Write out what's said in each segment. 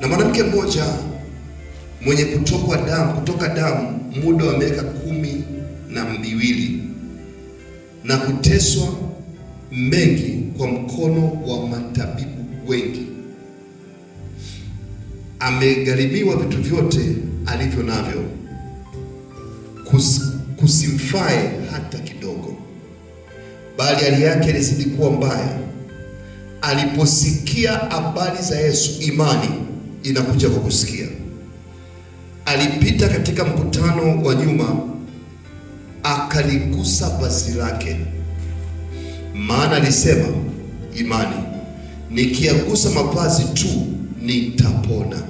na mwanamke mmoja mwenye kutokwa damu kutoka damu muda wa miaka kumi na miwili na kuteswa mengi kwa mkono wa matabibu wengi, amegharimiwa vitu vyote alivyo navyo, kus, kusimfae hata kidogo, bali hali yake ilizidi kuwa mbaya. Aliposikia habari za Yesu, imani inakuja kwa kusikia. Alipita katika mkutano wa nyuma, akaligusa vazi lake, maana alisema imani, nikiagusa mavazi tu nitapona.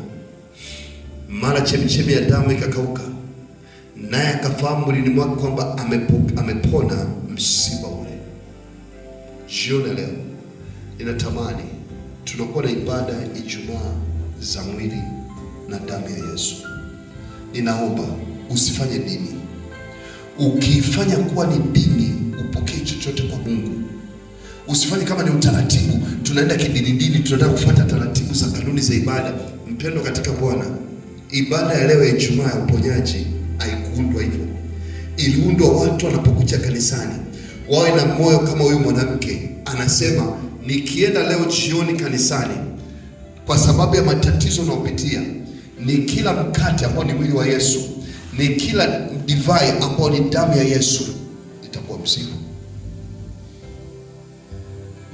Mara chemchemi ya damu ikakauka, naye akafahamu mwilini mwake kwamba amepona msiba ule. Jioni leo inatamani tunakuwa na ibada Ijumaa za mwili na damu ya Yesu. Ninaomba usifanye dini. Ukifanya kuwa ni dini, upokee chochote kwa Mungu. Usifanye kama ni utaratibu, tunaenda kidini dini, tunataka kufuata taratibu za kanuni za ibada. Mpendo katika Bwana, ibada ya leo ya Ijumaa ya uponyaji haikuundwa hivyo. Iliundwa watu wanapokuja kanisani wawe na moyo kama huyu mwanamke anasema, nikienda leo jioni kanisani kwa sababu ya matatizo unaopitia Ni kila mkate ambao ni mwili wa Yesu, ni kila divai ambao ni damu ya Yesu itakuwa mzigo.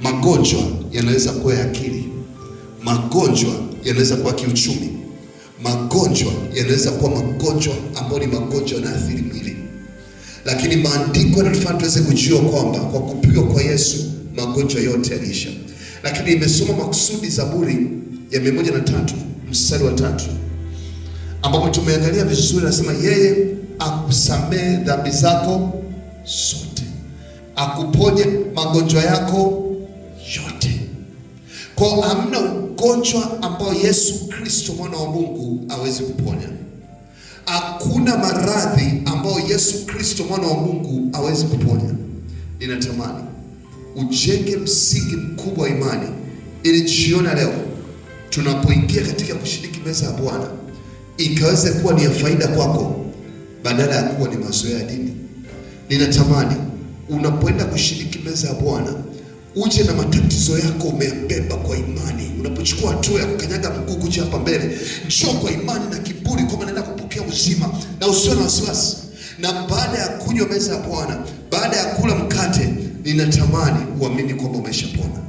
Magonjwa yanaweza kuwa ya akili, magonjwa yanaweza kuwa kiuchumi, magonjwa yanaweza kuwa magonjwa ambayo ni magonjwa yanaathiri mwili, lakini maandiko yanatufanya tuweze kujua kwamba kwa kupigwa kwa Yesu magonjwa yote yaliisha. Lakini imesoma makusudi Zaburi ya mia moja na tatu mstari wa tatu ambapo tumeangalia vizuri, anasema yeye akusamee dhambi zako zote, akuponye magonjwa yako yote. Kwa hamna ugonjwa ambao Yesu Kristo mwana wa Mungu awezi kuponya. Hakuna maradhi ambayo Yesu Kristo mwana wa Mungu awezi kuponya. Ninatamani ujenge msingi mkubwa wa imani ili jiona leo tunapoingia katika kushiriki meza ya Bwana ikaweze kuwa ni ya faida kwako badala ya kuwa ni mazoea ya dini. Ninatamani unapoenda kushiriki meza ya Bwana uje na matatizo yako umeyabeba kwa imani. Unapochukua hatua ya kukanyaga mguu kuja hapa mbele, njoo kwa imani na kiburi, kwa maana kupokea uzima, na usio na wasiwasi. Na baada ya kunywa meza ya Bwana, baada ya kula mkate, ninatamani uamini kwamba umeshapona,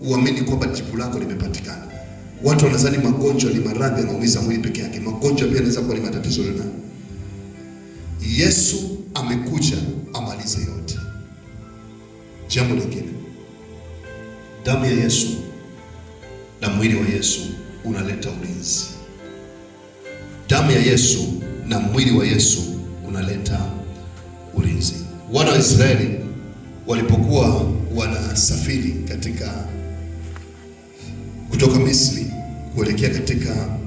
uamini kwamba jibu lako limepatikana. Watu wanadhani magonjwa ni maradhi yanaumiza mwili peke yake. Magonjwa pia yanaweza kuwa ni matatizo lena Yesu amekuja amalize yote. Jambo lingine, damu ya Yesu na mwili wa Yesu unaleta ulinzi. Damu ya Yesu na mwili wa Yesu unaleta ulinzi. Wana wa Israeli walipokuwa wanasafiri katika kutoka Misri kuelekea katika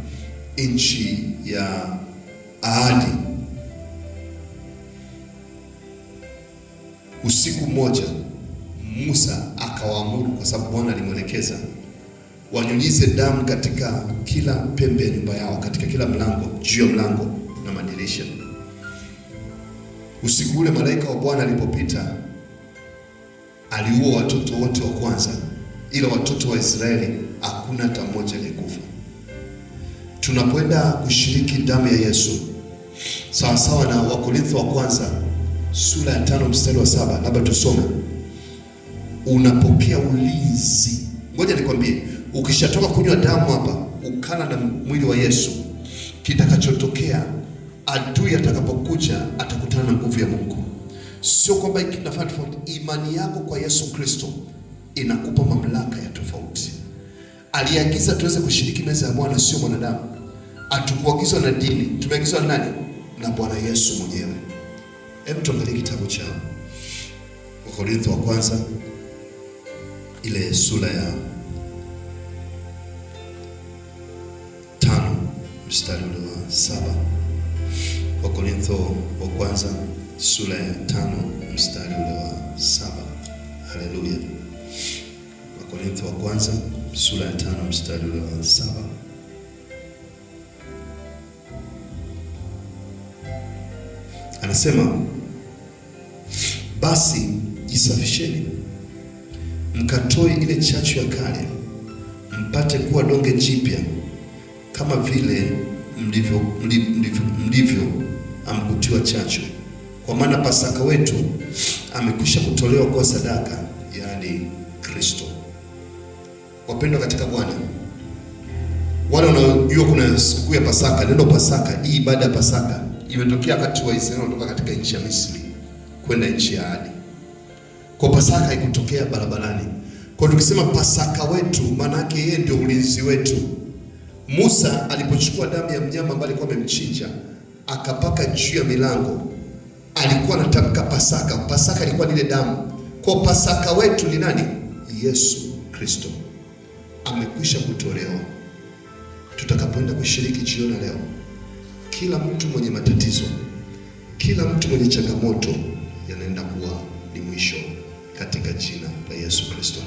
nchi ya ahadi. Usiku mmoja Musa akawaamuru, kwa sababu Bwana alimwelekeza, wanyunyize damu katika kila pembe ya nyumba yao, katika kila mlango, juu ya mlango na madirisha. Usiku ule malaika wa Bwana alipopita aliua watoto wote wa kwanza, ila watoto wa Israeli hakuna hata mmoja aliyekufa. Tunapoenda kushiriki damu ya Yesu sawasawa na Wakorintho wa kwanza sura ya tano mstari wa saba labda tusome. Unapokea ulinzi. Ngoja nikwambie, ukishatoka kunywa damu hapa ukala na mwili wa Yesu, kitakachotokea adui atakapokuja atakutana na nguvu ya Mungu. Sio kwamba kinafanya Imani yako kwa Yesu Kristo inakupa mamlaka aliagiza tuweze kushiriki meza ya Bwana, sio mwanadamu. Hatukuagizwa na dini, tumeagizwa nani? Na Bwana Yesu mwenyewe. Hebu tuangalie kitabu cha Wakorintho wa kwanza ile sura ya tano mstari ule wa saba. Wakorintho wa kwanza sura ya tano mstari ule wa saba. Haleluya. Wakorintho wa kwanza sura ya tano mstari wa saba anasema basi jisafisheni, mkatoe ile chachu ya kale, mpate kuwa donge jipya, kama vile mlivyo mlivyo mlivyo amkutiwa chachu, kwa maana Pasaka wetu amekwisha kutolewa kwa sadaka, yaani Kristo. Wapendwa katika Bwana, wale wanaojua kuna sikukuu ya Pasaka, neno Pasaka, hii ibada ya Pasaka imetokea wakati wa Israeli kutoka katika nchi ya Misri kwenda nchi ya ahadi. Kwa Pasaka haikutokea barabarani. Kwa tukisema Pasaka wetu, maana yake yeye ndio ulinzi wetu. Musa alipochukua damu ya mnyama ambaye alikuwa amemchinja akapaka juu ya milango, alikuwa anatamka Pasaka. Pasaka ilikuwa ile damu. Kwa Pasaka wetu ni nani? Yesu Kristo amekwisha kutolewa. Tutakapoenda kushiriki jioni leo, kila mtu mwenye matatizo, kila mtu mwenye changamoto yanaenda kuwa ni mwisho katika jina la Yesu Kristo.